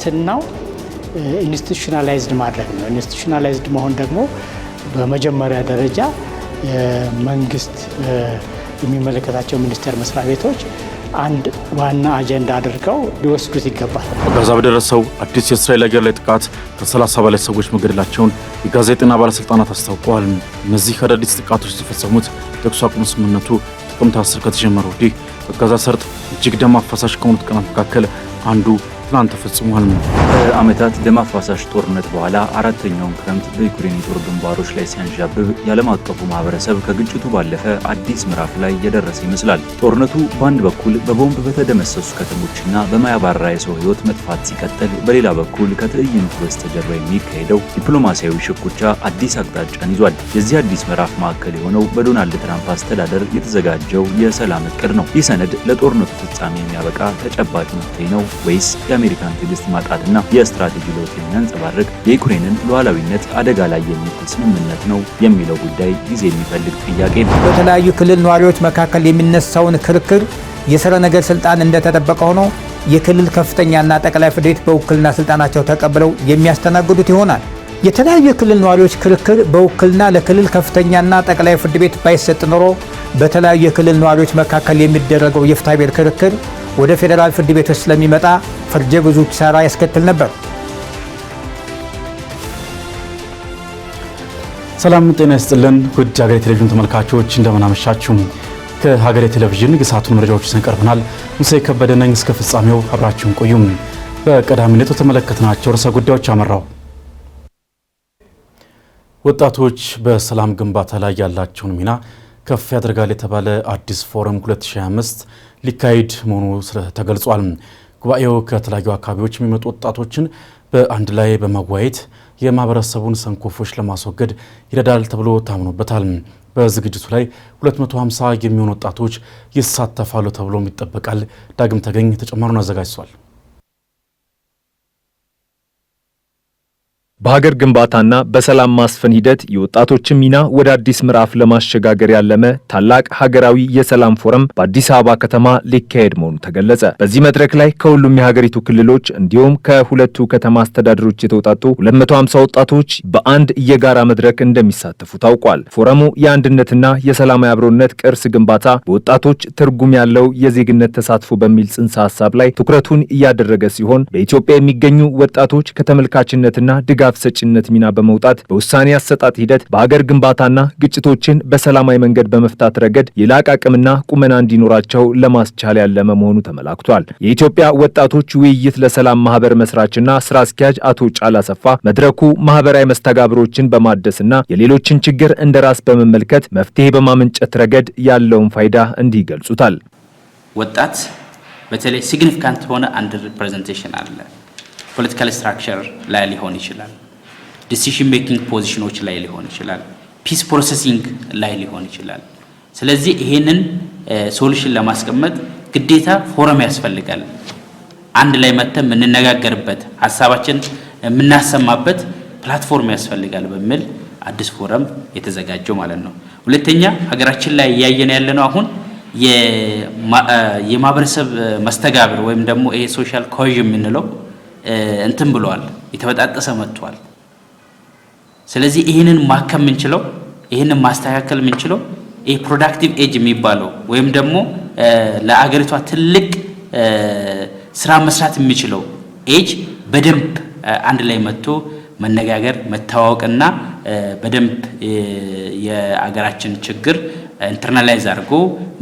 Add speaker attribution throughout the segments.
Speaker 1: ዋስትናው ኢንስቲቱሽናላይዝድ ማድረግ ነው። ኢንስቲቱሽናላይዝድ መሆን ደግሞ በመጀመሪያ ደረጃ የመንግስት የሚመለከታቸው ሚኒስቴር መስሪያ ቤቶች አንድ ዋና አጀንዳ አድርገው ሊወስዱት ይገባል። በጋዛ በደረሰው አዲስ የእስራኤል አየር ላይ ጥቃት ከሰላሳ በላይ ሰዎች መገደላቸውን የጋዛ የጤና ባለሥልጣናት አስታውቀዋል። እነዚህ አዳዲስ ጥቃቶች የተፈጸሙት የተኩስ አቁም ስምምነቱ ጥቅምት 10 ከተጀመረ ወዲህ በጋዛ ሰርጥ እጅግ ደም አፋሳሽ ከሆኑት ቀናት መካከል አንዱ ትናንት ተፈጽሟል። ከዓመታት ደም አፋሳሽ ጦርነት በኋላ አራተኛውን ክረምት በዩክሬን የጦር ግንባሮች ላይ ሲያንዣብብ የዓለም አቀፉ ማህበረሰብ ከግጭቱ ባለፈ አዲስ ምዕራፍ ላይ የደረሰ ይመስላል። ጦርነቱ በአንድ በኩል በቦምብ በተደመሰሱ ከተሞችና በማያባራ የሰው ሕይወት መጥፋት ሲቀጥል፣ በሌላ በኩል ከትዕይንቱ በስተጀርባ የሚካሄደው ዲፕሎማሲያዊ ሽኩቻ አዲስ አቅጣጫን ይዟል። የዚህ አዲስ ምዕራፍ ማዕከል የሆነው በዶናልድ ትራምፕ አስተዳደር የተዘጋጀው የሰላም እቅድ ነው። ይህ ሰነድ ለጦርነቱ ፍጻሜ የሚያበቃ ተጨባጭ መፍትሄ ነው ወይስ የአሜሪካን ትዕግስት ማጣትና የስትራቴጂ ለውጥ የሚያንጸባርቅ የዩክሬንን ሉዓላዊነት አደጋ ላይ የሚጥል ስምምነት ነው የሚለው ጉዳይ ጊዜ የሚፈልግ ጥያቄ ነው። በተለያዩ ክልል ነዋሪዎች መካከል የሚነሳውን ክርክር የሥረ ነገር ስልጣን እንደተጠበቀ ሆኖ የክልል ከፍተኛና ጠቅላይ ፍርድ ቤት በውክልና ስልጣናቸው ተቀብለው የሚያስተናግዱት ይሆናል። የተለያዩ የክልል ነዋሪዎች ክርክር በውክልና ለክልል ከፍተኛና ጠቅላይ ፍርድ ቤት ባይሰጥ ኖሮ በተለያዩ የክልል ነዋሪዎች መካከል የሚደረገው የፍታቤር ክርክር ወደ ፌዴራል ፍርድ ቤቶች ስለሚመጣ ፍርጀ ብዙ ኪሳራ ያስከትል ነበር። ሰላም ጤና ይስጥልን ውድ ሀገሬ ቴሌቪዥን ተመልካቾች እንደምናመሻችሁ። ከሀገሬ ቴሌቪዥን ግሳቱን መረጃዎች ይዘን ቀርበናል። ሙሴ ከበደ ነኝ። እስከ ፍጻሜው አብራችሁን ቆዩ። በቀዳሚነት የተመለከትናቸው ርዕሰ ጉዳዮች አመራው ወጣቶች በሰላም ግንባታ ላይ ያላቸውን ሚና ከፍ ያደርጋል የተባለ አዲስ ፎረም 2025 ሊካሄድ መሆኑ ተገልጿል። ጉባኤው ከተለያዩ አካባቢዎች የሚመጡ ወጣቶችን በአንድ ላይ በማዋየት የማህበረሰቡን ሰንኮፎች ለማስወገድ ይረዳል ተብሎ ታምኖበታል። በዝግጅቱ ላይ 250 የሚሆኑ ወጣቶች ይሳተፋሉ ተብሎም ይጠበቃል። ዳግም ተገኝ ተጨማሪውን አዘጋጅቷል። በሀገር ግንባታና በሰላም ማስፈን ሂደት የወጣቶችን ሚና ወደ አዲስ ምዕራፍ ለማሸጋገር ያለመ ታላቅ ሀገራዊ የሰላም ፎረም በአዲስ አበባ ከተማ ሊካሄድ መሆኑ ተገለጸ። በዚህ መድረክ ላይ ከሁሉም የሀገሪቱ ክልሎች እንዲሁም ከሁለቱ ከተማ አስተዳደሮች የተውጣጡ 250 ወጣቶች በአንድ የጋራ መድረክ እንደሚሳተፉ ታውቋል። ፎረሙ የአንድነትና የሰላም አብሮነት ቅርስ ግንባታ በወጣቶች ትርጉም ያለው የዜግነት ተሳትፎ በሚል ጽንሰ ሀሳብ ላይ ትኩረቱን እያደረገ ሲሆን በኢትዮጵያ የሚገኙ ወጣቶች ከተመልካችነትና ድጋ ድጋፍ ሰጪነት ሚና በመውጣት በውሳኔ አሰጣጥ ሂደት በሀገር ግንባታና ግጭቶችን በሰላማዊ መንገድ በመፍታት ረገድ የላቅ አቅምና ቁመና እንዲኖራቸው ለማስቻል ያለመ መሆኑ ተመላክቷል። የኢትዮጵያ ወጣቶች ውይይት ለሰላም ማህበር መስራችና ስራ አስኪያጅ አቶ ጫላ ሰፋ መድረኩ ማህበራዊ መስተጋብሮችን በማደስና የሌሎችን ችግር እንደ ራስ በመመልከት መፍትሄ በማመንጨት ረገድ ያለውን ፋይዳ እንዲህ ይገልጹታል። ወጣት በተለይ ሲግኒፊካንት የሆነ አንደር ሪፕሬዘንቴሽን አለ ፖለቲካል ስትራክቸር ላይ ሊሆን ይችላል። ዲሲሽን ሜኪንግ ፖዚሽኖች ላይ ሊሆን ይችላል። ፒስ ፕሮሰሲንግ ላይ ሊሆን ይችላል። ስለዚህ ይሄንን ሶሉሽን ለማስቀመጥ ግዴታ ፎረም ያስፈልጋል። አንድ ላይ መጥተን የምንነጋገርበት ሀሳባችን የምናሰማበት ፕላትፎርም ያስፈልጋል በሚል አዲስ ፎረም የተዘጋጀው ማለት ነው። ሁለተኛ ሀገራችን ላይ እያየን ያለነው አሁን የማህበረሰብ መስተጋብር ወይም ደግሞ ይሄ ሶሻል ኮዥን የምንለው እንትን ብሏል የተበጣጠሰ መጥቷል። ስለዚህ ይህንን ማከም የምንችለው ይህንን ማስተካከል የምንችለው ይህ ፕሮዳክቲቭ ኤጅ የሚባለው ወይም ደግሞ ለአገሪቷ ትልቅ ስራ መስራት የሚችለው ኤጅ በደንብ አንድ ላይ መጥቶ መነጋገር መተዋወቅና በደንብ የአገራችን ችግር ኢንተርናላይዝ አድርጎ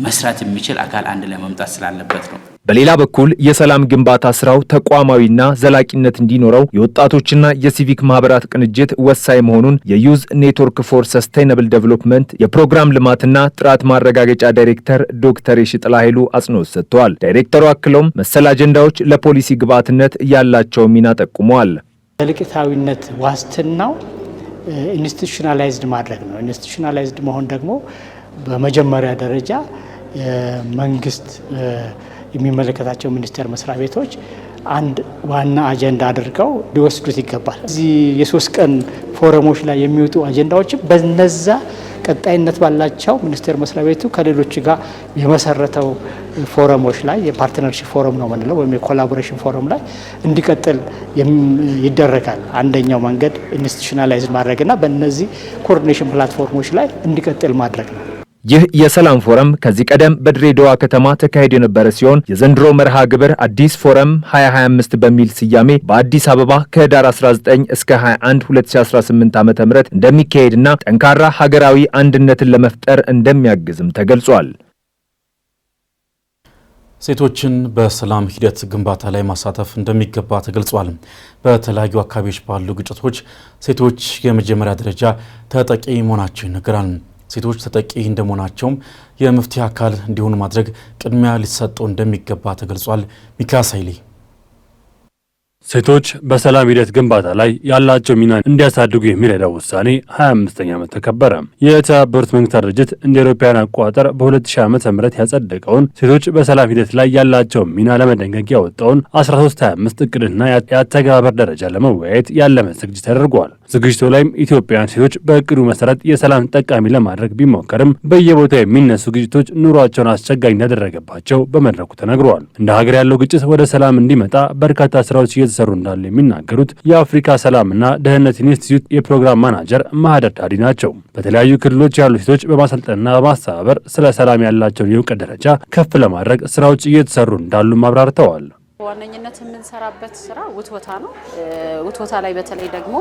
Speaker 1: መስራት የሚችል አካል አንድ ላይ መምጣት ስላለበት ነው። በሌላ በኩል የሰላም ግንባታ ስራው ተቋማዊና ዘላቂነት እንዲኖረው የወጣቶችና የሲቪክ ማህበራት ቅንጅት ወሳኝ መሆኑን የዩዝ ኔትወርክ ፎር ሰስቴይነብል ዴቨሎፕመንት የፕሮግራም ልማትና ጥራት ማረጋገጫ ዳይሬክተር ዶክተር የሽጥላ ኃይሉ አጽንኦት ሰጥተዋል። ዳይሬክተሩ አክለውም መሰል አጀንዳዎች ለፖሊሲ ግብዓትነት ያላቸው ሚና ጠቁመዋል። ዘልቂታዊነት ዋስትናው ኢንስቲቱሽናላይዝድ ማድረግ ነው። ኢንስቲቱሽናላይዝድ መሆን ደግሞ በመጀመሪያ ደረጃ መንግስት የሚመለከታቸው ሚኒስቴር መስሪያ ቤቶች አንድ ዋና አጀንዳ አድርገው ሊወስዱት ይገባል። እዚህ የሶስት ቀን ፎረሞች ላይ የሚወጡ አጀንዳዎችም በነዛ ቀጣይነት ባላቸው ሚኒስቴር መስሪያ ቤቱ ከሌሎች ጋር የመሰረተው ፎረሞች ላይ የፓርትነርሽፕ ፎረም ነው ምንለው ወይም የኮላቦሬሽን ፎረም ላይ እንዲቀጥል ይደረጋል። አንደኛው መንገድ ኢንስቲቱሽናላይዝ ማድረግና በእነዚህ ኮኦርዲኔሽን ፕላትፎርሞች ላይ እንዲቀጥል ማድረግ ነው። ይህ የሰላም ፎረም ከዚህ ቀደም በድሬዳዋ ከተማ ተካሄዶ የነበረ ሲሆን የዘንድሮ መርሃ ግብር አዲስ ፎረም 2025 በሚል ስያሜ በአዲስ አበባ ከህዳር 19 እስከ 21 2018 ዓ.ም እንደሚካሄድና ጠንካራ ሀገራዊ አንድነትን ለመፍጠር እንደሚያግዝም ተገልጿል። ሴቶችን በሰላም ሂደት ግንባታ ላይ ማሳተፍ እንደሚገባ ተገልጿል። በተለያዩ አካባቢዎች ባሉ ግጭቶች ሴቶች የመጀመሪያ ደረጃ ተጠቂ መሆናቸው ይነገራል። ሴቶች ተጠቂ እንደመሆናቸውም የመፍትሄ አካል እንዲሆኑ ማድረግ ቅድሚያ ሊሰጠው እንደሚገባ ተገልጿል። ሚካስ ኃይሌ ሴቶች በሰላም ሂደት ግንባታ ላይ ያላቸው ሚና እንዲያሳድጉ የሚረዳው ውሳኔ 25ኛ ዓመት ተከበረ። የተባበሩት መንግስታት ድርጅት እንደ አውሮፓውያን አቆጣጠር በ2000 ዓመተ ምህረት ያጸደቀውን ሴቶች በሰላም ሂደት ላይ ያላቸውን ሚና ለመደንገግ ያወጣውን 1325 እቅድና የአተገባበር ደረጃ ለመወያየት ያለመ ዝግጅት ተደርጓል። ዝግጅቱ ላይም ኢትዮጵያውያን ሴቶች በእቅዱ መሰረት የሰላም ተጠቃሚ ለማድረግ ቢሞከርም በየቦታው የሚነሱ ግጭቶች ኑሯቸውን አስቸጋኝ እንዳደረገባቸው በመድረኩ ተነግሯል። እንደ ሀገር ያለው ግጭት ወደ ሰላም እንዲመጣ በርካታ ስራዎች እየተሰ እየሰሩ እንዳሉ የሚናገሩት የአፍሪካ ሰላምና ደህንነት ኢንስቲትዩት የፕሮግራም ማናጀር ማህደር ዳዲ ናቸው። በተለያዩ ክልሎች ያሉ ሴቶች በማሰልጠንና በማስተባበር ስለ ሰላም ያላቸውን የእውቀት ደረጃ ከፍ ለማድረግ ስራዎች እየተሰሩ እንዳሉ አብራርተዋል። በዋነኝነት የምንሰራበት ስራ ውትወታ ነው። ውትወታ ላይ በተለይ ደግሞ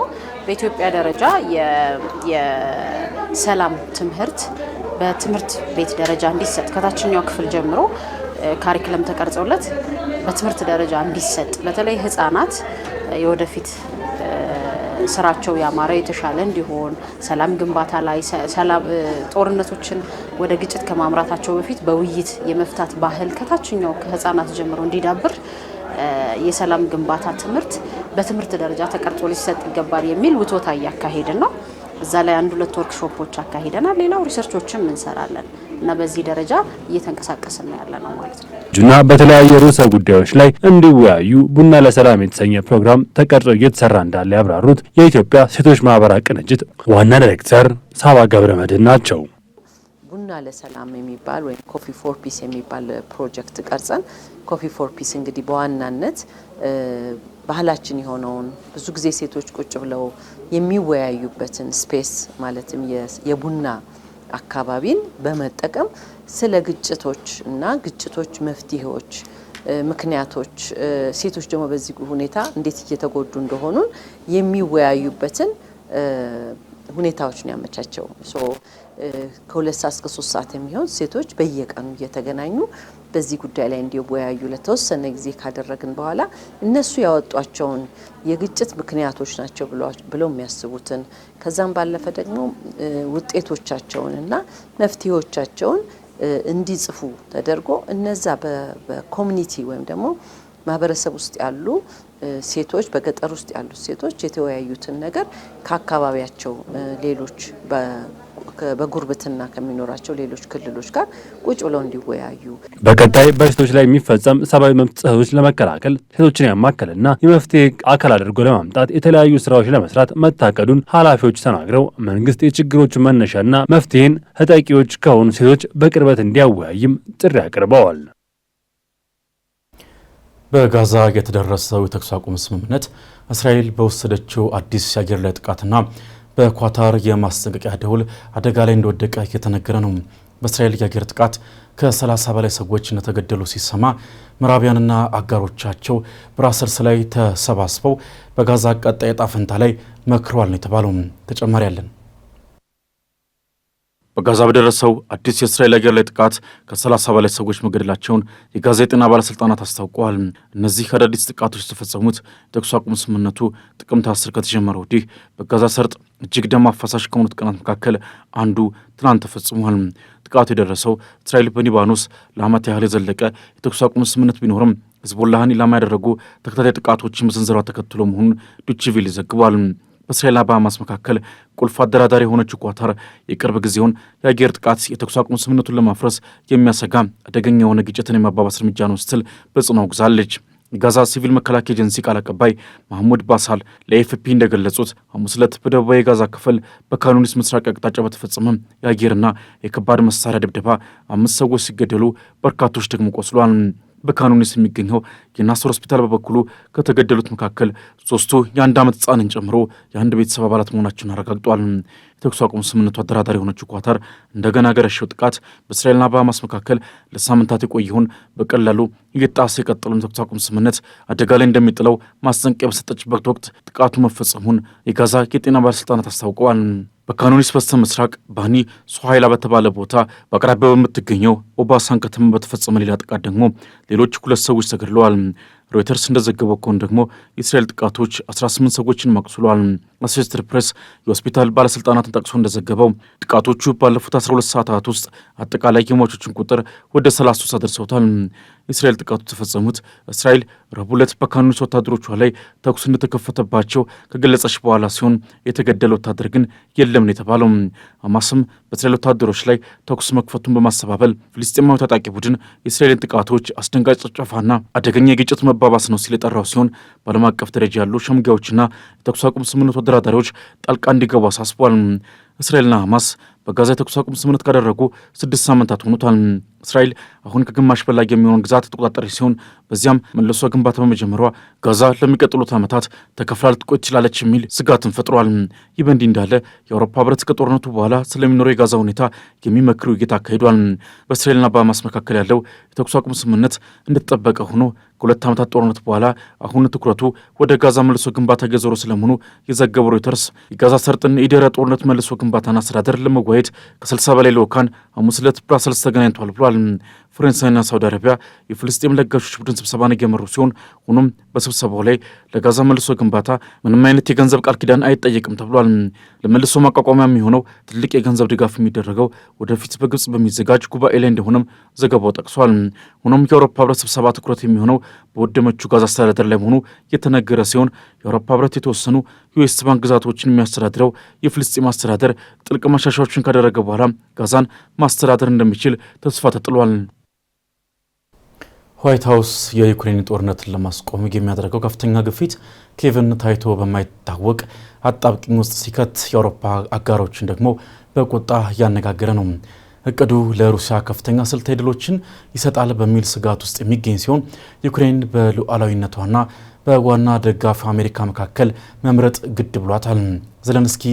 Speaker 1: በኢትዮጵያ ደረጃ የሰላም ትምህርት በትምህርት ቤት ደረጃ እንዲሰጥ ከታችኛው ክፍል ጀምሮ ካሪክለም ተቀርጾለት በትምህርት ደረጃ እንዲሰጥ በተለይ ህጻናት የወደፊት ስራቸው ያማረ የተሻለ እንዲሆን ሰላም ግንባታ ላይ ጦርነቶችን ወደ ግጭት ከማምራታቸው በፊት በውይይት የመፍታት ባህል ከታችኛው ከህጻናት ጀምሮ እንዲዳብር የሰላም ግንባታ ትምህርት በትምህርት ደረጃ ተቀርጾ ሊሰጥ ይገባል የሚል ውቶታ እያካሄድን ነው። እዛ ላይ አንድ ሁለት ወርክሾፖች አካሂደናል። ሌላው ሪሰርቾችም እንሰራለን እና በዚህ ደረጃ እየተንቀሳቀስን ያለ ነው ማለት ነው። ጁና በተለያየ ርዕሰ ጉዳዮች ላይ እንዲወያዩ ቡና ለሰላም የተሰኘ ፕሮግራም ተቀርጾ እየተሰራ እንዳለ ያብራሩት የኢትዮጵያ ሴቶች ማህበራት ቅንጅት ዋና ዳይሬክተር ሳባ ገብረ መድህን ናቸው። ቡና ለሰላም የሚባል ወይም ኮፊ ፎር ፒስ የሚባል ፕሮጀክት ቀርጸን ኮፊ ፎር ፒስ እንግዲህ በዋናነት ባህላችን የሆነውን ብዙ ጊዜ ሴቶች ቁጭ ብለው የሚወያዩበትን ስፔስ ማለትም የቡና አካባቢን በመጠቀም ስለ ግጭቶች እና ግጭቶች መፍትሄዎች፣ ምክንያቶች ሴቶች ደግሞ በዚህ ሁኔታ እንዴት እየተጎዱ እንደሆኑን የሚወያዩበትን ሁኔታዎች ነው ያመቻቸው። ከሁለት ሰዓት እስከ ሶስት ሰዓት የሚሆን ሴቶች በየቀኑ እየተገናኙ በዚህ ጉዳይ ላይ እንዲወያዩ ለተወሰነ ጊዜ ካደረግን በኋላ እነሱ ያወጧቸውን የግጭት ምክንያቶች ናቸው ብለው የሚያስቡትን ከዛም ባለፈ ደግሞ ውጤቶቻቸውን እና መፍትሄዎቻቸውን እንዲጽፉ ተደርጎ እነዛ በኮሚኒቲ ወይም ደግሞ ማህበረሰብ ውስጥ ያሉ ሴቶች በገጠር ውስጥ ያሉ ሴቶች የተወያዩትን ነገር ከአካባቢያቸው ሌሎች በጉርብትና ከሚኖራቸው ሌሎች ክልሎች ጋር ቁጭ ብለው እንዲወያዩ፣ በቀጣይ በሴቶች ላይ የሚፈጸም ሰብአዊ መብት ጥሰቶች ለመከላከል ሴቶችን ያማከልና የመፍትሄ አካል አድርጎ ለማምጣት የተለያዩ ስራዎች ለመስራት መታቀዱን ኃላፊዎች ተናግረው መንግስት የችግሮቹ መነሻና መፍትሄን ተጠቂዎች ከሆኑ ሴቶች በቅርበት እንዲያወያይም ጥሪ አቅርበዋል። በጋዛ የተደረሰው የተኩስ አቁም ስምምነት እስራኤል በወሰደችው አዲስ የአየር ላይ ጥቃትና በኳታር የማስጠንቀቂያ ደውል አደጋ ላይ እንደወደቀ እየተነገረ ነው። በእስራኤል የአየር ጥቃት ከ30 በላይ ሰዎች እንደተገደሉ ሲሰማ ምዕራቢያንና አጋሮቻቸው ብራሰልስ ላይ ተሰባስበው በጋዛ ቀጣይ ዕጣ ላይ መክረዋል ነው የተባለው። ተጨማሪ አለን። በጋዛ በደረሰው አዲስ የእስራኤል አየር ላይ ጥቃት ከ30 በላይ ሰዎች መገደላቸውን የጋዛ የጤና ባለሥልጣናት አስታውቀዋል። እነዚህ አዳዲስ ጥቃቶች የተፈጸሙት የተኩስ አቁም ስምምነቱ ጥቅምት 10 ከተጀመረ ወዲህ በጋዛ ሰርጥ እጅግ ደም አፋሳሽ ከሆኑት ቀናት መካከል አንዱ ትናንት ተፈጽሟል። ጥቃቱ የደረሰው እስራኤል በሊባኖስ ለዓመት ያህል የዘለቀ የተኩስ አቁም ስምምነት ቢኖርም ህዝቦላህን ኢላማ ያደረጉ ተከታታይ ጥቃቶችን መሰንዘሯ ተከትሎ መሆኑን ዱችቪል ይዘግቧል። በእስራኤልና በሐማስ መካከል ቁልፍ አደራዳሪ የሆነችው ኳታር የቅርብ ጊዜውን የአየር ጥቃት የተኩስ አቁም ስምምነቱን ለማፍረስ የሚያሰጋ አደገኛ የሆነ ግጭትን የማባባስ እርምጃ ነው ስትል በጽኑ አውግዛለች። የጋዛ ሲቪል መከላከያ ኤጀንሲ ቃል አቀባይ ማህሙድ ባሳል ለኤፍፒ እንደገለጹት ሐሙስ ዕለት በደቡባዊ የጋዛ ክፍል በካኑኒስ ምስራቅ አቅጣጫ በተፈጸመ የአየርና የከባድ መሳሪያ ድብደባ አምስት ሰዎች ሲገደሉ በርካቶች ደግሞ ቆስሏል። በካኑኒስ የሚገኘው የናስር ሆስፒታል በበኩሉ ከተገደሉት መካከል ሶስቱ የአንድ ዓመት ህፃንን ጨምሮ የአንድ ቤተሰብ አባላት መሆናቸውን አረጋግጧል። የተኩስ አቁም ስምምነቱ አደራዳሪ የሆነችው ኳታር እንደገና ገረሸው ጥቃት በእስራኤልና በሐማስ መካከል ለሳምንታት የቆየውን በቀላሉ እየጣሰ የቀጠለውን የተኩስ አቁም ስምምነት አደጋ ላይ እንደሚጥለው ማስጠንቀቂያ በሰጠችበት ወቅት ጥቃቱ መፈጸሙን የጋዛ የጤና ባለሥልጣናት አስታውቀዋል። በካኖኒስ በስተ ምስራቅ ባኒ ሶሃይላ በተባለ ቦታ በአቅራቢያ በምትገኘው ኦባሳን ከተማ በተፈጸመ ሌላ ጥቃት ደግሞ ሌሎች ሁለት ሰዎች ተገድለዋል። ሮይተርስ እንደዘገበው ከሆነ ደግሞ የእስራኤል ጥቃቶች 18 ሰዎችን ማቁስሏል። አሶሼትድ ፕሬስ የሆስፒታል ባለስልጣናትን ጠቅሶ እንደዘገበው ጥቃቶቹ ባለፉት 12 ሰዓታት ውስጥ አጠቃላይ የሟቾችን ቁጥር ወደ 33 አድርሰውታል። የእስራኤል ጥቃቱ የተፈጸሙት እስራኤል ረቡዕ ዕለት በካኑስ ወታደሮቿ ላይ ተኩስ እንደተከፈተባቸው ከገለጸች በኋላ ሲሆን የተገደለ ወታደር ግን የለም ነው የተባለው። ሐማስም በእስራኤል ወታደሮች ላይ ተኩስ መክፈቱን በማስተባበል ፍልስጤማዊ ታጣቂ ቡድን የእስራኤልን ጥቃቶች አስደንጋጭ ጭፍጨፋና አደገኛ የግጭት መባባስ ነው ሲል የጠራው ሲሆን በዓለም አቀፍ ደረጃ ያሉ ሸምጋዮችና የተኩስ አቁም ስምምነት አደራዳሪዎች ጣልቃ እንዲገቡ አሳስቧል። እስራኤልና ሐማስ በጋዛ የተኩስ አቁም ስምምነት ካደረጉ ስድስት ሳምንታት ሆኑታል። እስራኤል አሁን ከግማሽ በላይ የሚሆን ግዛት ተቆጣጠረች ሲሆን በዚያም መለሷ ግንባታ በመጀመሯ ጋዛ ለሚቀጥሉት ዓመታት ተከፍላ ልትቆይ ትችላለች የሚል ስጋትን ፈጥሯል። ይህ በእንዲህ እንዳለ የአውሮፓ ህብረት ከጦርነቱ በኋላ ስለሚኖረው የጋዛ ሁኔታ የሚመክር ውይይት አካሂዷል። በእስራኤልና በሐማስ መካከል ያለው የተኩስ አቁም ስምምነት እንደተጠበቀ ሆኖ ከሁለት ዓመታት ጦርነት በኋላ አሁን ትኩረቱ ወደ ጋዛ መልሶ ግንባታ እየዞረ ስለመሆኑ የዘገበው ሮይተርስ የጋዛ ሰርጥን የደረ ጦርነት መልሶ ግንባታን አስተዳደር ለመዋየድ ከ60 በላይ ልዑካን ሐሙስ ዕለት ብራሰልስ ተገናኝቷል ብሏል። ፈረንሳይና ሳውዲ አረቢያ የፍልስጤም ለጋሾች ቡድን ስብሰባን እየመሩ ሲሆን ሆኖም በስብሰባው ላይ ለጋዛ መልሶ ግንባታ ምንም አይነት የገንዘብ ቃል ኪዳን አይጠየቅም ተብሏል። ለመልሶ ማቋቋሚያ የሚሆነው ትልቅ የገንዘብ ድጋፍ የሚደረገው ወደፊት በግብጽ በሚዘጋጅ ጉባኤ ላይ እንደሆነም ዘገባው ጠቅሷል። ሆኖም የአውሮፓ ህብረት ስብሰባ ትኩረት የሚሆነው በወደመችው ጋዛ አስተዳደር ላይ መሆኑ የተነገረ ሲሆን የአውሮፓ ህብረት የተወሰኑ የዌስት ባንክ ግዛቶችን የሚያስተዳድረው የፍልስጤም አስተዳደር ጥልቅ ማሻሻዎችን ካደረገ በኋላ ጋዛን ማስተዳደር እንደሚችል ተስፋ ተጥሏል። ዋይት ሀውስ የዩክሬን ጦርነትን ለማስቆም የሚያደርገው ከፍተኛ ግፊት ኬቭን ታይቶ በማይታወቅ አጣብቂኝ ውስጥ ሲከት የአውሮፓ አጋሮችን ደግሞ በቁጣ እያነጋገረ ነው። እቅዱ ለሩሲያ ከፍተኛ ስልታዊ ድሎችን ይሰጣል በሚል ስጋት ውስጥ የሚገኝ ሲሆን ዩክሬን በሉዓላዊነቷና በዋና ደጋፊ አሜሪካ መካከል መምረጥ ግድ ብሏታል። ዘለንስኪ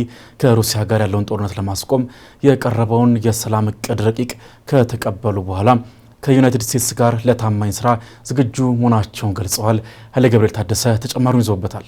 Speaker 1: ከሩሲያ ጋር ያለውን ጦርነት ለማስቆም የቀረበውን የሰላም እቅድ ረቂቅ ከተቀበሉ በኋላ ከዩናይትድ ስቴትስ ጋር ለታማኝ ስራ ዝግጁ መሆናቸውን ገልጸዋል። ኃይለ ገብርኤል ታደሰ ተጨማሪውን ይዞበታል።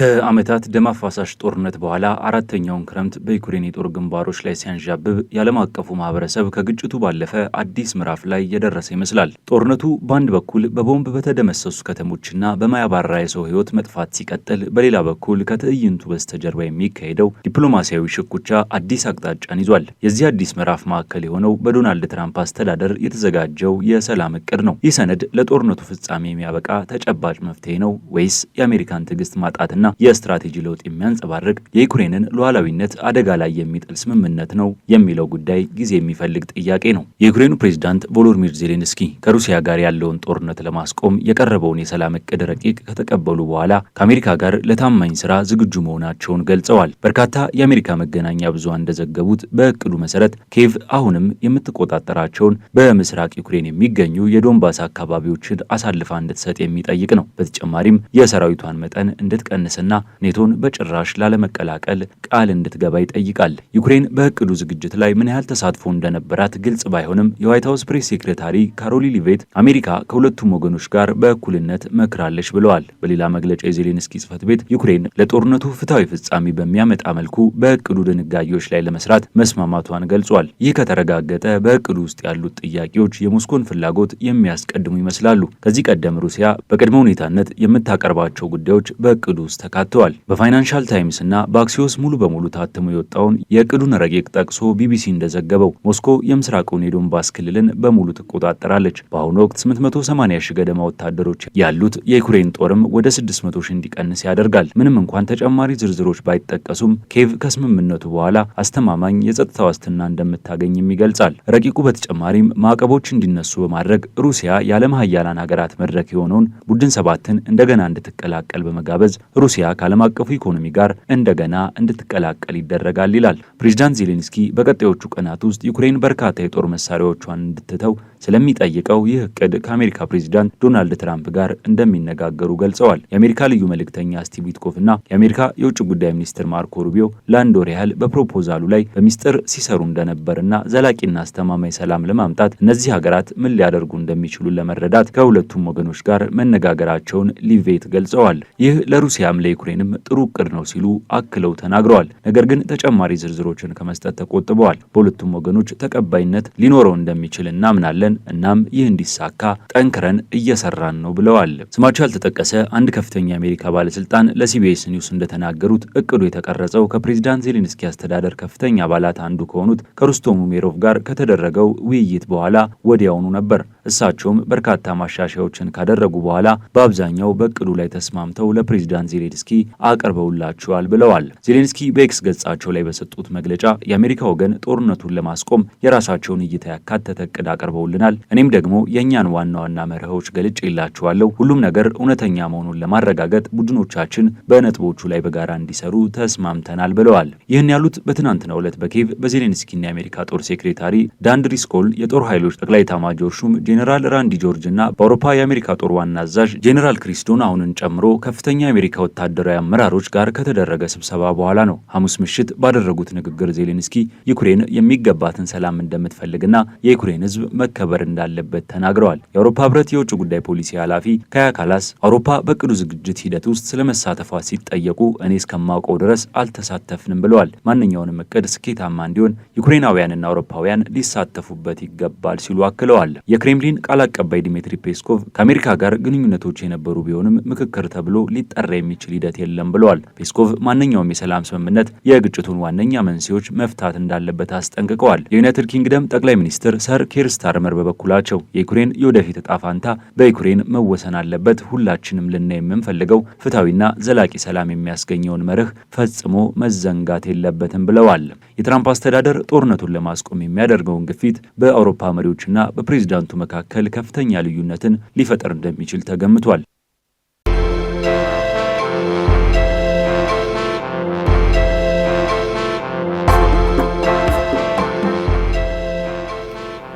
Speaker 1: ከዓመታት ደም አፋሳሽ ጦርነት በኋላ አራተኛውን ክረምት በዩክሬን የጦር ግንባሮች ላይ ሲያንዣብብ የዓለም አቀፉ ማህበረሰብ ከግጭቱ ባለፈ አዲስ ምዕራፍ ላይ የደረሰ ይመስላል። ጦርነቱ በአንድ በኩል በቦምብ በተደመሰሱ ከተሞችና በማያባራ የሰው ሕይወት መጥፋት ሲቀጥል፣ በሌላ በኩል ከትዕይንቱ በስተጀርባ የሚካሄደው ዲፕሎማሲያዊ ሽኩቻ አዲስ አቅጣጫን ይዟል። የዚህ አዲስ ምዕራፍ ማዕከል የሆነው በዶናልድ ትራምፕ አስተዳደር የተዘጋጀው የሰላም እቅድ ነው። ይህ ሰነድ ለጦርነቱ ፍጻሜ የሚያበቃ ተጨባጭ መፍትሄ ነው ወይስ የአሜሪካን ትዕግስት ማጣትና የሚያሳይና የስትራቴጂ ለውጥ የሚያንጸባርቅ የዩክሬንን ሉዓላዊነት አደጋ ላይ የሚጥል ስምምነት ነው የሚለው ጉዳይ ጊዜ የሚፈልግ ጥያቄ ነው። የዩክሬኑ ፕሬዝዳንት ቮሎዲሚር ዜሌንስኪ ከሩሲያ ጋር ያለውን ጦርነት ለማስቆም የቀረበውን የሰላም እቅድ ረቂቅ ከተቀበሉ በኋላ ከአሜሪካ ጋር ለታማኝ ስራ ዝግጁ መሆናቸውን ገልጸዋል። በርካታ የአሜሪካ መገናኛ ብዙሃን እንደዘገቡት በእቅዱ መሰረት ኬቭ አሁንም የምትቆጣጠራቸውን በምስራቅ ዩክሬን የሚገኙ የዶንባስ አካባቢዎችን አሳልፋ እንድትሰጥ የሚጠይቅ ነው። በተጨማሪም የሰራዊቷን መጠን እንድትቀንስ እንድትመልስና ኔቶን በጭራሽ ላለመቀላቀል ቃል እንድትገባ ይጠይቃል። ዩክሬን በእቅዱ ዝግጅት ላይ ምን ያህል ተሳትፎ እንደነበራት ግልጽ ባይሆንም የዋይት ሀውስ ፕሬስ ሴክሬታሪ ካሮሊ ሊቬት አሜሪካ ከሁለቱም ወገኖች ጋር በእኩልነት መክራለች ብለዋል። በሌላ መግለጫ የዜሌንስኪ ጽህፈት ቤት ዩክሬን ለጦርነቱ ፍትሐዊ ፍጻሜ በሚያመጣ መልኩ በእቅዱ ድንጋጌዎች ላይ ለመስራት መስማማቷን ገልጿል። ይህ ከተረጋገጠ በእቅዱ ውስጥ ያሉት ጥያቄዎች የሞስኮን ፍላጎት የሚያስቀድሙ ይመስላሉ። ከዚህ ቀደም ሩሲያ በቅድመ ሁኔታነት የምታቀርባቸው ጉዳዮች በእቅዱ ውስጥ ተካተዋል። በፋይናንሻል ታይምስ እና በአክሲዮስ ሙሉ በሙሉ ታትሞ የወጣውን የእቅዱን ረቂቅ ጠቅሶ ቢቢሲ እንደዘገበው ሞስኮ የምስራቁን የዶንባስ ክልልን በሙሉ ትቆጣጠራለች። በአሁኑ ወቅት 880 ሺህ ገደማ ወታደሮች ያሉት የዩክሬን ጦርም ወደ 600 ሺህ እንዲቀንስ ያደርጋል። ምንም እንኳን ተጨማሪ ዝርዝሮች ባይጠቀሱም ኬቭ ከስምምነቱ በኋላ አስተማማኝ የጸጥታ ዋስትና እንደምታገኝም ይገልጻል። ረቂቁ በተጨማሪም ማዕቀቦች እንዲነሱ በማድረግ ሩሲያ የዓለም ሀያላን ሀገራት መድረክ የሆነውን ቡድን ሰባትን እንደገና እንድትቀላቀል በመጋበዝ ሩሲያ ከዓለም አቀፉ ኢኮኖሚ ጋር እንደገና እንድትቀላቀል ይደረጋል ይላል። ፕሬዚዳንት ዜሌንስኪ በቀጣዮቹ ቀናት ውስጥ ዩክሬን በርካታ የጦር መሳሪያዎቿን እንድትተው ስለሚጠይቀው ይህ እቅድ ከአሜሪካ ፕሬዚዳንት ዶናልድ ትራምፕ ጋር እንደሚነጋገሩ ገልጸዋል። የአሜሪካ ልዩ መልእክተኛ ስቲቭ ዊትኮፍ እና የአሜሪካ የውጭ ጉዳይ ሚኒስትር ማርኮ ሩቢዮ ለአንድ ወር ያህል በፕሮፖዛሉ ላይ በሚስጥር ሲሰሩ እንደነበርና ዘላቂና አስተማማኝ ሰላም ለማምጣት እነዚህ ሀገራት ምን ሊያደርጉ እንደሚችሉ ለመረዳት ከሁለቱም ወገኖች ጋር መነጋገራቸውን ሊቬት ገልጸዋል። ይህ ለሩሲያም ለዩክሬንም ጥሩ እቅድ ነው ሲሉ አክለው ተናግረዋል። ነገር ግን ተጨማሪ ዝርዝሮችን ከመስጠት ተቆጥበዋል። በሁለቱም ወገኖች ተቀባይነት ሊኖረው እንደሚችል እናምናለን። እናም ይህ እንዲሳካ ጠንክረን እየሰራን ነው ብለዋል። ስማቸው ያልተጠቀሰ አንድ ከፍተኛ የአሜሪካ ባለስልጣን ለሲቢኤስ ኒውስ እንደተናገሩት እቅዱ የተቀረጸው ከፕሬዚዳንት ዜሌንስኪ አስተዳደር ከፍተኛ አባላት አንዱ ከሆኑት ከሩስቶም ኡሜሮቭ ጋር ከተደረገው ውይይት በኋላ ወዲያውኑ ነበር። እሳቸውም በርካታ ማሻሻያዎችን ካደረጉ በኋላ በአብዛኛው በእቅዱ ላይ ተስማምተው ለፕሬዚዳንት ዜሌንስኪ አቅርበውላቸዋል ብለዋል። ዜሌንስኪ በኤክስ ገጻቸው ላይ በሰጡት መግለጫ የአሜሪካ ወገን ጦርነቱን ለማስቆም የራሳቸውን እይታ ያካተተ እቅድ አቅርበውልናል። እኔም ደግሞ የእኛን ዋና ዋና መርሆዎች ገልጭ ይላቸዋለሁ። ሁሉም ነገር እውነተኛ መሆኑን ለማረጋገጥ ቡድኖቻችን በነጥቦቹ ላይ በጋራ እንዲሰሩ ተስማምተናል ብለዋል። ይህን ያሉት በትናንትናው ዕለት በኬቭ በዜሌንስኪና የአሜሪካ ጦር ሴክሬታሪ ዳንድሪስኮል የጦር ኃይሎች ጠቅላይ ኤታማዦር ሹም ጄኔራል ራንዲ ጆርጅ እና በአውሮፓ የአሜሪካ ጦር ዋና አዛዥ ጄኔራል ክሪስዶን አሁንን ጨምሮ ከፍተኛ የአሜሪካ ወታደራዊ አመራሮች ጋር ከተደረገ ስብሰባ በኋላ ነው። ሐሙስ ምሽት ባደረጉት ንግግር ዜሌንስኪ ዩክሬን የሚገባትን ሰላም እንደምትፈልግና የዩክሬን ሕዝብ መከበር እንዳለበት ተናግረዋል። የአውሮፓ ህብረት የውጭ ጉዳይ ፖሊሲ ኃላፊ ካያ ካላስ አውሮፓ በቅዱ ዝግጅት ሂደት ውስጥ ስለመሳተፏ ሲጠየቁ እኔ እስከማውቀው ድረስ አልተሳተፍንም ብለዋል። ማንኛውንም እቅድ ስኬታማ እንዲሆን ዩክሬናውያንና አውሮፓውያን ሊሳተፉበት ይገባል ሲሉ አክለዋል። የክሬምሊን የክሬምሊን ቃል አቀባይ ዲሚትሪ ፔስኮቭ ከአሜሪካ ጋር ግንኙነቶች የነበሩ ቢሆንም ምክክር ተብሎ ሊጠራ የሚችል ሂደት የለም ብለዋል። ፔስኮቭ ማንኛውም የሰላም ስምምነት የግጭቱን ዋነኛ መንስኤዎች መፍታት እንዳለበት አስጠንቅቀዋል። የዩናይትድ ኪንግደም ጠቅላይ ሚኒስትር ሰር ኬር ስታርመር በበኩላቸው የዩክሬን የወደፊት እጣ ፋንታ በዩክሬን መወሰን አለበት፣ ሁላችንም ልና የምንፈልገው ፍትሐዊና ዘላቂ ሰላም የሚያስገኘውን መርህ ፈጽሞ መዘንጋት የለበትም ብለዋል። የትራምፕ አስተዳደር ጦርነቱን ለማስቆም የሚያደርገውን ግፊት በአውሮፓ መሪዎችና በፕሬዚዳንቱ መካከል ከፍተኛ ልዩነትን ሊፈጥር እንደሚችል ተገምቷል።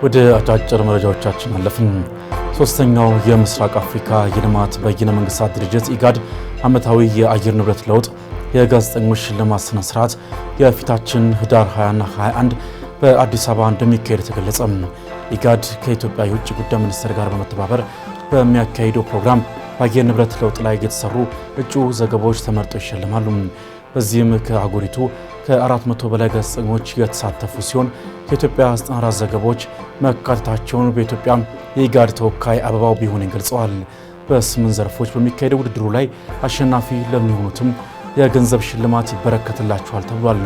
Speaker 1: ወደ አጫጭር መረጃዎቻችን አለፍን። ሶስተኛው የምስራቅ አፍሪካ የልማት በይነ መንግስታት ድርጅት ኢጋድ ዓመታዊ የአየር ንብረት ለውጥ የጋዜጠኞች ሽልማት ስነ ስርዓት የፊታችን ህዳር 20ና 21 በአዲስ አበባ እንደሚካሄድ ተገለጸ። ኢጋድ ከኢትዮጵያ የውጭ ጉዳይ ሚኒስቴር ጋር በመተባበር በሚያካሂደው ፕሮግራም በአየር ንብረት ለውጥ ላይ የተሰሩ እጩ ዘገባዎች ተመርጠው ይሸልማሉ። በዚህም ከአህጉሪቱ ከ400 በላይ ጋዜጠኞች የተሳተፉ ሲሆን ከኢትዮጵያ 94 ዘገባዎች መካተታቸውን በኢትዮጵያ የኢጋድ ተወካይ አበባው ቢሆን ገልጸዋል። በስምንት ዘርፎች በሚካሄደው ውድድሩ ላይ አሸናፊ ለሚሆኑትም የገንዘብ ሽልማት ይበረከትላቸዋል ተብሏል።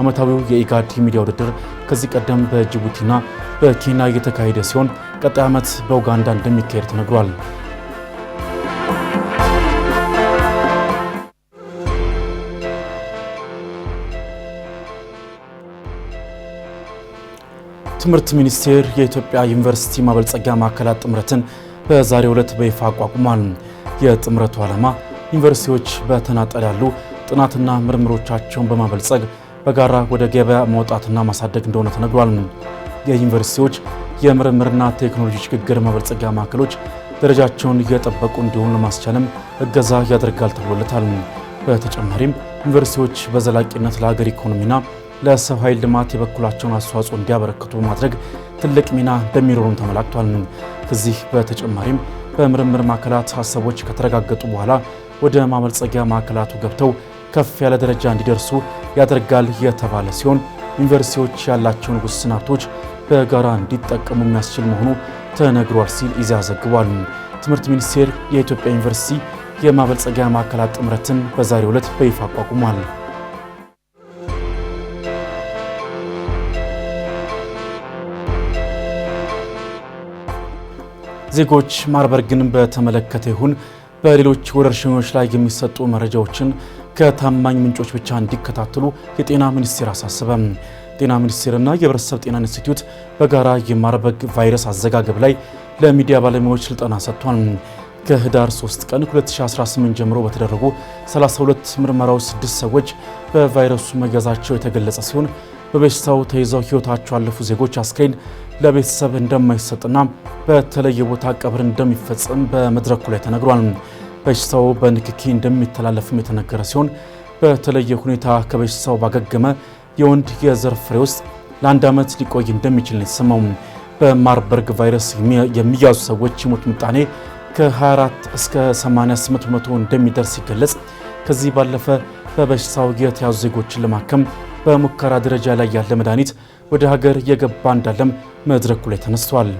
Speaker 1: ዓመታዊው የኢጋድ ሚዲያ ውድድር ከዚህ ቀደም በጅቡቲና በኬንያ እየተካሄደ ሲሆን ቀጣይ ዓመት በኡጋንዳ እንደሚካሄድ ተነግሯል። ትምህርት ሚኒስቴር የኢትዮጵያ ዩኒቨርሲቲ ማበልጸጊያ ማዕከላት ጥምረትን በዛሬው ዕለት በይፋ አቋቁሟል። የጥምረቱ ዓላማ ዩኒቨርሲቲዎች በተናጠል ያሉ ጥናትና ምርምሮቻቸውን በማበልጸግ በጋራ ወደ ገበያ መውጣትና ማሳደግ እንደሆነ ተነግሯል። የዩኒቨርሲቲዎች የምርምርና ቴክኖሎጂ ሽግግር ማበልጸጊያ ማዕከሎች ደረጃቸውን እየጠበቁ እንዲሆኑ ለማስቻልም እገዛ ያደርጋል ተብሎለታል። በተጨማሪም ዩኒቨርሲቲዎች በዘላቂነት ለሀገር ኢኮኖሚና ለሰው ኃይል ልማት የበኩላቸውን አስተዋጽኦ እንዲያበረክቱ በማድረግ ትልቅ ሚና እንደሚኖሩም ተመላክቷል። ከዚህ በተጨማሪም በምርምር ማዕከላት ሀሳቦች ከተረጋገጡ በኋላ ወደ ማበልጸጊያ ማዕከላቱ ገብተው ከፍ ያለ ደረጃ እንዲደርሱ ያደርጋል የተባለ ሲሆን ዩኒቨርሲቲዎች ያላቸውን ውስን ሀብቶች በጋራ እንዲጠቀሙ የሚያስችል መሆኑ ተነግሯል ሲል ኢዜአ ዘግቧል። ትምህርት ሚኒስቴር የኢትዮጵያ ዩኒቨርሲቲ የማበልጸጊያ ማዕከላት ጥምረትን በዛሬው ዕለት በይፋ አቋቁሟል። ዜጎች ማርበርግን በተመለከተ ይሁን በሌሎች ወረርሽኞች ላይ የሚሰጡ መረጃዎችን ከታማኝ ምንጮች ብቻ እንዲከታተሉ የጤና ሚኒስቴር አሳስበም። ጤና ሚኒስቴርና የህብረተሰብ ጤና ኢንስቲትዩት በጋራ የማርበግ ቫይረስ አዘጋገብ ላይ ለሚዲያ ባለሙያዎች ስልጠና ሰጥቷል። ከህዳር 3 ቀን 2018 ጀምሮ በተደረጉ 32 ምርመራዎች ስድስት ሰዎች በቫይረሱ መገዛቸው የተገለጸ ሲሆን በበሽታው ተይዘው ህይወታቸው ያለፉ ዜጎች አስክሬን ለቤተሰብ እንደማይሰጥና በተለየ ቦታ ቀብር እንደሚፈጸም በመድረኩ ላይ ተነግሯል። በሽታው በንክኪ እንደሚተላለፍም የተነገረ ሲሆን በተለየ ሁኔታ ከበሽታው ባገገመ የወንድ የዘር ፍሬ ውስጥ ለአንድ ዓመት ሊቆይ እንደሚችል ነው የተሰማው። በማርበርግ ቫይረስ የሚያዙ ሰዎች የሞት ምጣኔ ከ24 እስከ 88 በመቶ እንደሚደርስ ሲገለጽ ከዚህ ባለፈ በበሽታው የተያዙ ዜጎችን ለማከም በሙከራ ደረጃ ላይ ያለ መድኃኒት ወደ ሀገር የገባ እንዳለም መድረኩ ላይ ተነስቷል።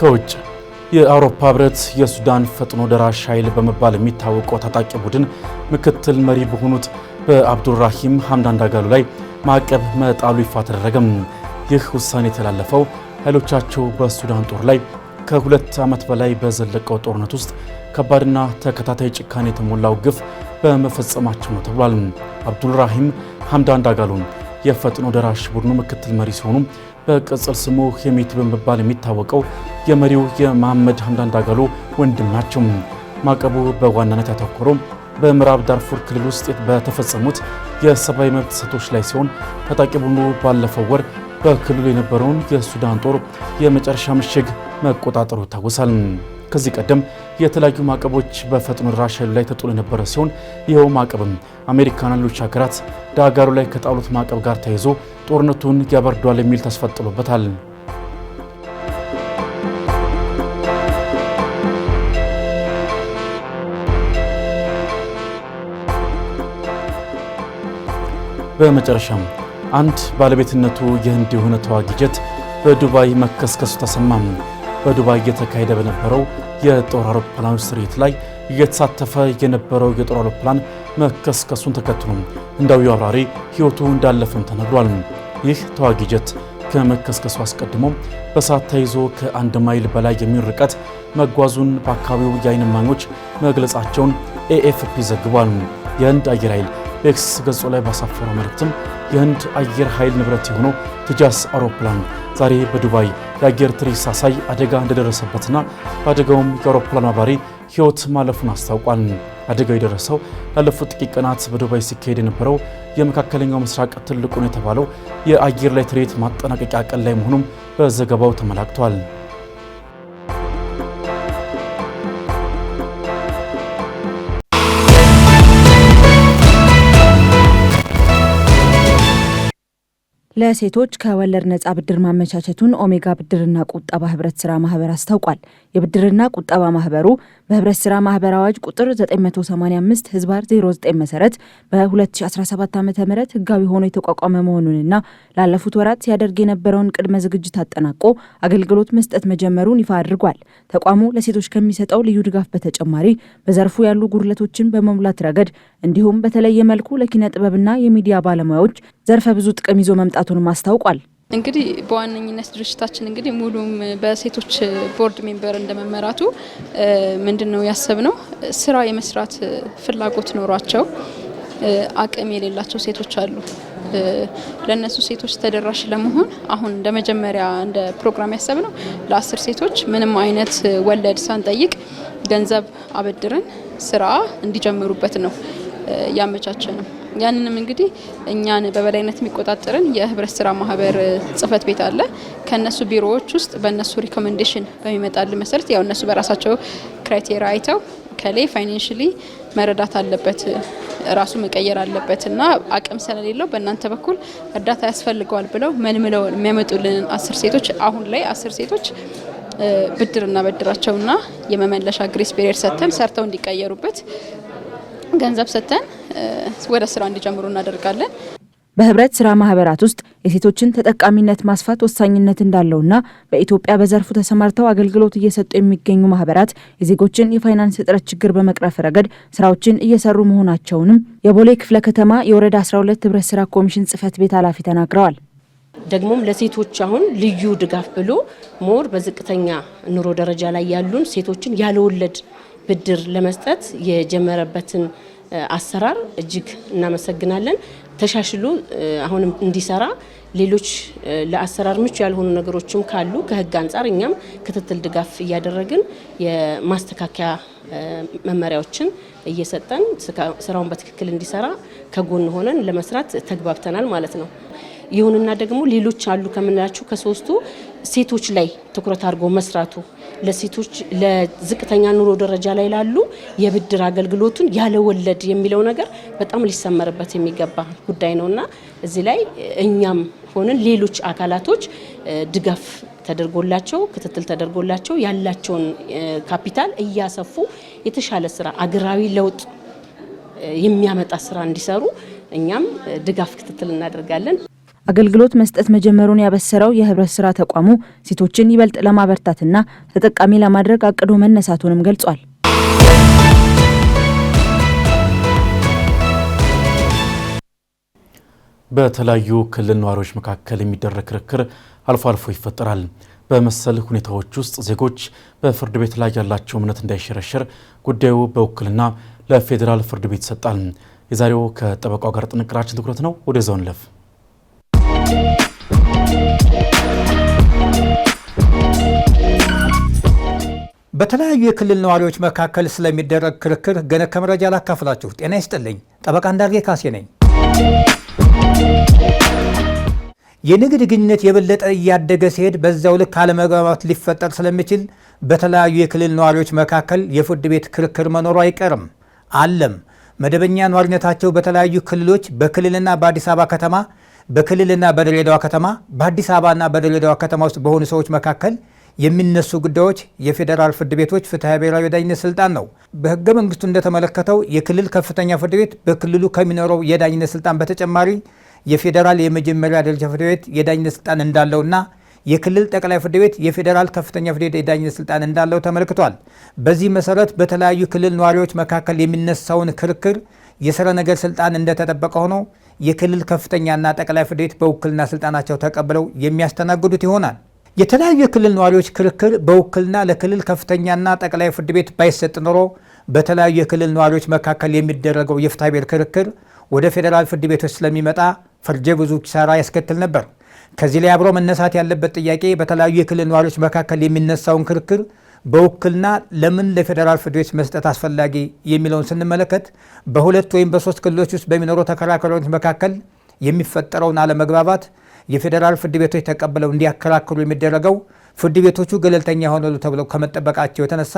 Speaker 1: ከውጭ የአውሮፓ ህብረት የሱዳን ፈጥኖ ደራሽ ኃይል በመባል የሚታወቀው ታጣቂ ቡድን ምክትል መሪ በሆኑት በአብዱራሂም ሐምዳን ዳጋሎ ላይ ማዕቀብ መጣሉ ይፋ ተደረገም። ይህ ውሳኔ የተላለፈው ኃይሎቻቸው በሱዳን ጦር ላይ ከሁለት ዓመት በላይ በዘለቀው ጦርነት ውስጥ ከባድና ተከታታይ ጭካኔ የተሞላው ግፍ በመፈጸማቸው ነው ተብሏል። አብዱራሂም ሐምዳን ዳጋሎን የፈጥኖ ደራሽ ቡድኑ ምክትል መሪ ሲሆኑ በቅጽል ስሙ ሄሚቲ በመባል የሚታወቀው የመሪው የመሐመድ ሐምዳን ዳጋሎ ወንድም ናቸው። ማዕቀቡ በዋናነት ያተኮረው በምዕራብ ዳርፉር ክልል ውስጥ በተፈጸሙት የሰብአዊ መብት ጥሰቶች ላይ ሲሆን ታጣቂ ቡድኑ ባለፈው ወር በክልሉ የነበረውን የሱዳን ጦር የመጨረሻ ምሽግ መቆጣጠሩ ይታወሳል። ከዚህ ቀደም የተለያዩ ማዕቀቦች በፈጥኖ ድራሽ ኃይሉ ላይ ተጥሎ የነበረ ሲሆን ይኸው ማዕቀብም አሜሪካና ሌሎች ሀገራት ዳጋሎ ላይ ከጣሉት ማዕቀብ ጋር ተያይዞ ጦርነቱን ያበርዷል የሚል ተስፋ በመጨረሻም አንድ ባለቤትነቱ የህንድ የሆነ ተዋጊ ጀት በዱባይ መከስከሱ ተሰማም። በዱባይ እየተካሄደ በነበረው የጦር አውሮፕላኖች ስርት ላይ እየተሳተፈ የነበረው የጦር አውሮፕላን መከስከሱን ተከትሎም ህንዳዊው አብራሪ ሕይወቱ እንዳለፈም ተነግሯል። ይህ ተዋጊ ጀት ከመከስከሱ አስቀድሞ በእሳት ተይዞ ከአንድ ማይል በላይ የሚል ርቀት መጓዙን በአካባቢው የዓይን እማኞች መግለጻቸውን ኤኤፍፒ ዘግቧል። የህንድ አየር ኃይል በኤክስ ገጹ ላይ ባሳፈረው መልእክትም የህንድ አየር ኃይል ንብረት የሆነው ትጃስ አውሮፕላን ዛሬ በዱባይ የአየር ትርኢት ሳሳይ አደጋ እንደደረሰበትና በአደጋውም የአውሮፕላን አባሪ ሕይወት ማለፉን አስታውቋል። አደጋው የደረሰው ላለፉት ጥቂት ቀናት በዱባይ ሲካሄድ የነበረው የመካከለኛው ምስራቅ ትልቁን የተባለው የአየር ላይ ትርኢት ማጠናቀቂያ ቀን ላይ መሆኑም በዘገባው ተመላክቷል። ለሴቶች ከወለድ ነጻ ብድር ማመቻቸቱን ኦሜጋ ብድርና ቁጠባ ህብረት ስራ ማህበር አስታውቋል። የብድርና ቁጠባ ማህበሩ በህብረት ስራ ማህበር አዋጅ ቁጥር 985 ህዝባር 09 መሰረት በ2017 ዓ ም ህጋዊ ሆኖ የተቋቋመ መሆኑንና ላለፉት ወራት ሲያደርግ የነበረውን ቅድመ ዝግጅት አጠናቆ አገልግሎት መስጠት መጀመሩን ይፋ አድርጓል። ተቋሙ ለሴቶች ከሚሰጠው ልዩ ድጋፍ በተጨማሪ በዘርፉ ያሉ ጉድለቶችን በመሙላት ረገድ እንዲሁም በተለየ መልኩ ለኪነ ጥበብና የሚዲያ ባለሙያዎች ዘርፈ ብዙ ጥቅም ይዞ መምጣቱ መምጣቱንም አስታውቋል። እንግዲህ በዋነኝነት ድርጅታችን እንግዲህ ሙሉም በሴቶች ቦርድ ሜምበር እንደመመራቱ ምንድን ነው ያሰብ ነው ስራ የመስራት ፍላጎት ኖሯቸው አቅም የሌላቸው ሴቶች አሉ። ለእነሱ ሴቶች ተደራሽ ለመሆን አሁን እንደ መጀመሪያ እንደ ፕሮግራም ያሰብ ነው ለአስር ሴቶች ምንም አይነት ወለድ ሳንጠይቅ ገንዘብ አበድረን ስራ እንዲጀምሩበት ነው ያመቻቸ ነው። ያንንም እንግዲህ እኛን በበላይነት የሚቆጣጠርን የህብረት ስራ ማህበር ጽህፈት ቤት አለ። ከእነሱ ቢሮዎች ውስጥ በእነሱ ሪኮመንዴሽን በሚመጣልን መሰረት ያው እነሱ በራሳቸው ክራይቴሪያ አይተው ከላይ ፋይናንሽሊ መረዳት አለበት ራሱ መቀየር አለበት እና አቅም ስለሌለው በእናንተ በኩል እርዳታ ያስፈልገዋል ብለው መልምለው የሚያመጡልን አስር ሴቶች አሁን ላይ አስር ሴቶች ብድር እናበድራቸውና የመመለሻ ግሬስ ፔሪየድ ሰጥተን ሰርተው እንዲቀየሩበት ገንዘብ ሰጥተን ወደ ስራ እንዲጀምሩ እናደርጋለን። በህብረት ስራ ማህበራት ውስጥ የሴቶችን ተጠቃሚነት ማስፋት ወሳኝነት እንዳለውና በኢትዮጵያ በዘርፉ ተሰማርተው አገልግሎት እየሰጡ የሚገኙ ማህበራት የዜጎችን የፋይናንስ እጥረት ችግር በመቅረፍ ረገድ ስራዎችን እየሰሩ መሆናቸውንም የቦሌ ክፍለ ከተማ የወረዳ 12 ህብረት ስራ ኮሚሽን ጽህፈት ቤት ኃላፊ ተናግረዋል። ደግሞም ለሴቶች አሁን ልዩ ድጋፍ ብሎ ሞር በዝቅተኛ ኑሮ ደረጃ ላይ ያሉን ሴቶችን ያለወለድ ብድር ለመስጠት የጀመረበትን አሰራር እጅግ እናመሰግናለን። ተሻሽሎ አሁንም እንዲሰራ ሌሎች ለአሰራር ምቹ ያልሆኑ ነገሮችም ካሉ ከህግ አንጻር እኛም ክትትል ድጋፍ እያደረግን የማስተካከያ መመሪያዎችን እየሰጠን ስራውን በትክክል እንዲሰራ ከጎን ሆነን ለመስራት ተግባብተናል ማለት ነው። ይሁንና ደግሞ ሌሎች አሉ ከምንላቸው ከሶስቱ ሴቶች ላይ ትኩረት አድርጎ መስራቱ ለሴቶች ለዝቅተኛ ኑሮ ደረጃ ላይ ላሉ የብድር አገልግሎቱን ያለ ወለድ የሚለው ነገር በጣም ሊሰመርበት የሚገባ ጉዳይ እና እዚህ ላይ እኛም ሆንን ሌሎች አካላቶች ድጋፍ ተደርጎላቸው ክትትል ተደርጎላቸው ያላቸውን ካፒታል እያሰፉ የተሻለ ስራ አገራዊ ለውጥ የሚያመጣ ስራ እንዲሰሩ እኛም ድጋፍ ክትትል እናደርጋለን። አገልግሎት መስጠት መጀመሩን ያበሰረው የህብረት ስራ ተቋሙ ሴቶችን ይበልጥ ለማበርታትና ተጠቃሚ ለማድረግ አቅዶ መነሳቱንም ገልጿል። በተለያዩ ክልል ነዋሪዎች መካከል የሚደረግ ክርክር አልፎ አልፎ ይፈጠራል። በመሰል ሁኔታዎች ውስጥ ዜጎች በፍርድ ቤት ላይ ያላቸው እምነት እንዳይሸረሸር ጉዳዩ በውክልና ለፌዴራል ፍርድ ቤት ይሰጣል። የዛሬው ከጠበቃው ጋር ጥንቅራችን ትኩረት ነው። ወደ ዛው እንለፍ። በተለያዩ የክልል ነዋሪዎች መካከል ስለሚደረግ ክርክር ገነ ከመረጃ ላካፍላችሁ። ጤና ይስጥልኝ። ጠበቃ እንዳርጌ ካሴ ነኝ። የንግድ ግንኙነት የበለጠ እያደገ ሲሄድ በዛው ልክ አለመግባባት ሊፈጠር ስለሚችል በተለያዩ የክልል ነዋሪዎች መካከል የፍርድ ቤት ክርክር መኖሩ አይቀርም አለም መደበኛ ነዋሪነታቸው በተለያዩ ክልሎች በክልልና በአዲስ አበባ ከተማ በክልልና በድሬዳዋ ከተማ በአዲስ አበባና በድሬዳዋ ከተማ ውስጥ በሆኑ ሰዎች መካከል የሚነሱ ጉዳዮች የፌዴራል ፍርድ ቤቶች ፍትሐ ብሔራዊ የዳኝነት ስልጣን ነው። በህገ መንግስቱ እንደተመለከተው የክልል ከፍተኛ ፍርድ ቤት በክልሉ ከሚኖረው የዳኝነት ስልጣን በተጨማሪ የፌዴራል የመጀመሪያ ደረጃ ፍርድ ቤት የዳኝነት ስልጣን እንዳለውና የክልል ጠቅላይ ፍርድ ቤት የፌዴራል ከፍተኛ ፍርድ ቤት የዳኝነት ስልጣን እንዳለው ተመልክቷል። በዚህ መሰረት በተለያዩ ክልል ነዋሪዎች መካከል የሚነሳውን ክርክር የስረ ነገር ስልጣን እንደተጠበቀ ሆኖ የክልል ከፍተኛና ጠቅላይ ፍርድ ቤት በውክልና ስልጣናቸው ተቀብለው የሚያስተናግዱት ይሆናል። የተለያዩ የክልል ነዋሪዎች ክርክር በውክልና ለክልል ከፍተኛና ጠቅላይ ፍርድ ቤት ባይሰጥ ኖሮ በተለያዩ የክልል ነዋሪዎች መካከል የሚደረገው የፍትሐ ብሔር ክርክር ወደ ፌዴራል ፍርድ ቤቶች ስለሚመጣ ፈርጀ ብዙ ኪሳራ ያስከትል ነበር። ከዚህ ላይ አብሮ መነሳት ያለበት ጥያቄ በተለያዩ የክልል ነዋሪዎች መካከል የሚነሳውን ክርክር በውክልና ለምን ለፌዴራል ፍርድ ቤት መስጠት አስፈላጊ የሚለውን ስንመለከት በሁለት ወይም በሶስት ክልሎች ውስጥ በሚኖሩ ተከራካሪዎች መካከል የሚፈጠረውን አለመግባባት የፌዴራል ፍርድ ቤቶች ተቀብለው እንዲያከላክሉ የሚደረገው ፍርድ ቤቶቹ ገለልተኛ ሆነሉ ተብለው ከመጠበቃቸው የተነሳ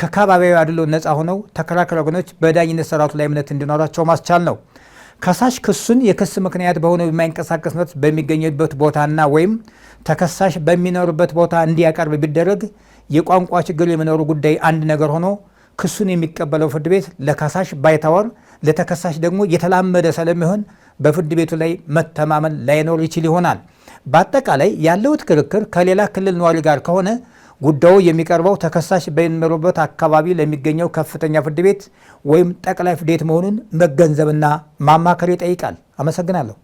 Speaker 1: ከከባቢያዊ አድሎ ነፃ ሆነው ተከራካሪ ወገኖች በዳኝነት ስርዓቱ ላይ እምነት እንዲኖራቸው ማስቻል ነው። ከሳሽ ክሱን የክስ ምክንያት በሆነው የማይንቀሳቀስ መብት በሚገኝበት ቦታና ወይም ተከሳሽ በሚኖርበት ቦታ እንዲያቀርብ ቢደረግ የቋንቋ ችግር የመኖሩ ጉዳይ አንድ ነገር ሆኖ ክሱን የሚቀበለው ፍርድ ቤት ለከሳሽ ባይታወር፣ ለተከሳሽ ደግሞ የተላመደ ስለሚሆን በፍርድ ቤቱ ላይ መተማመን ላይኖር ይችል ይሆናል። በአጠቃላይ ያለውት ክርክር ከሌላ ክልል ነዋሪ ጋር ከሆነ ጉዳዩ የሚቀርበው ተከሳሽ በሚኖሩበት አካባቢ ለሚገኘው ከፍተኛ ፍርድ ቤት ወይም ጠቅላይ ፍርድ ቤት መሆኑን መገንዘብና ማማከር ይጠይቃል። አመሰግናለሁ።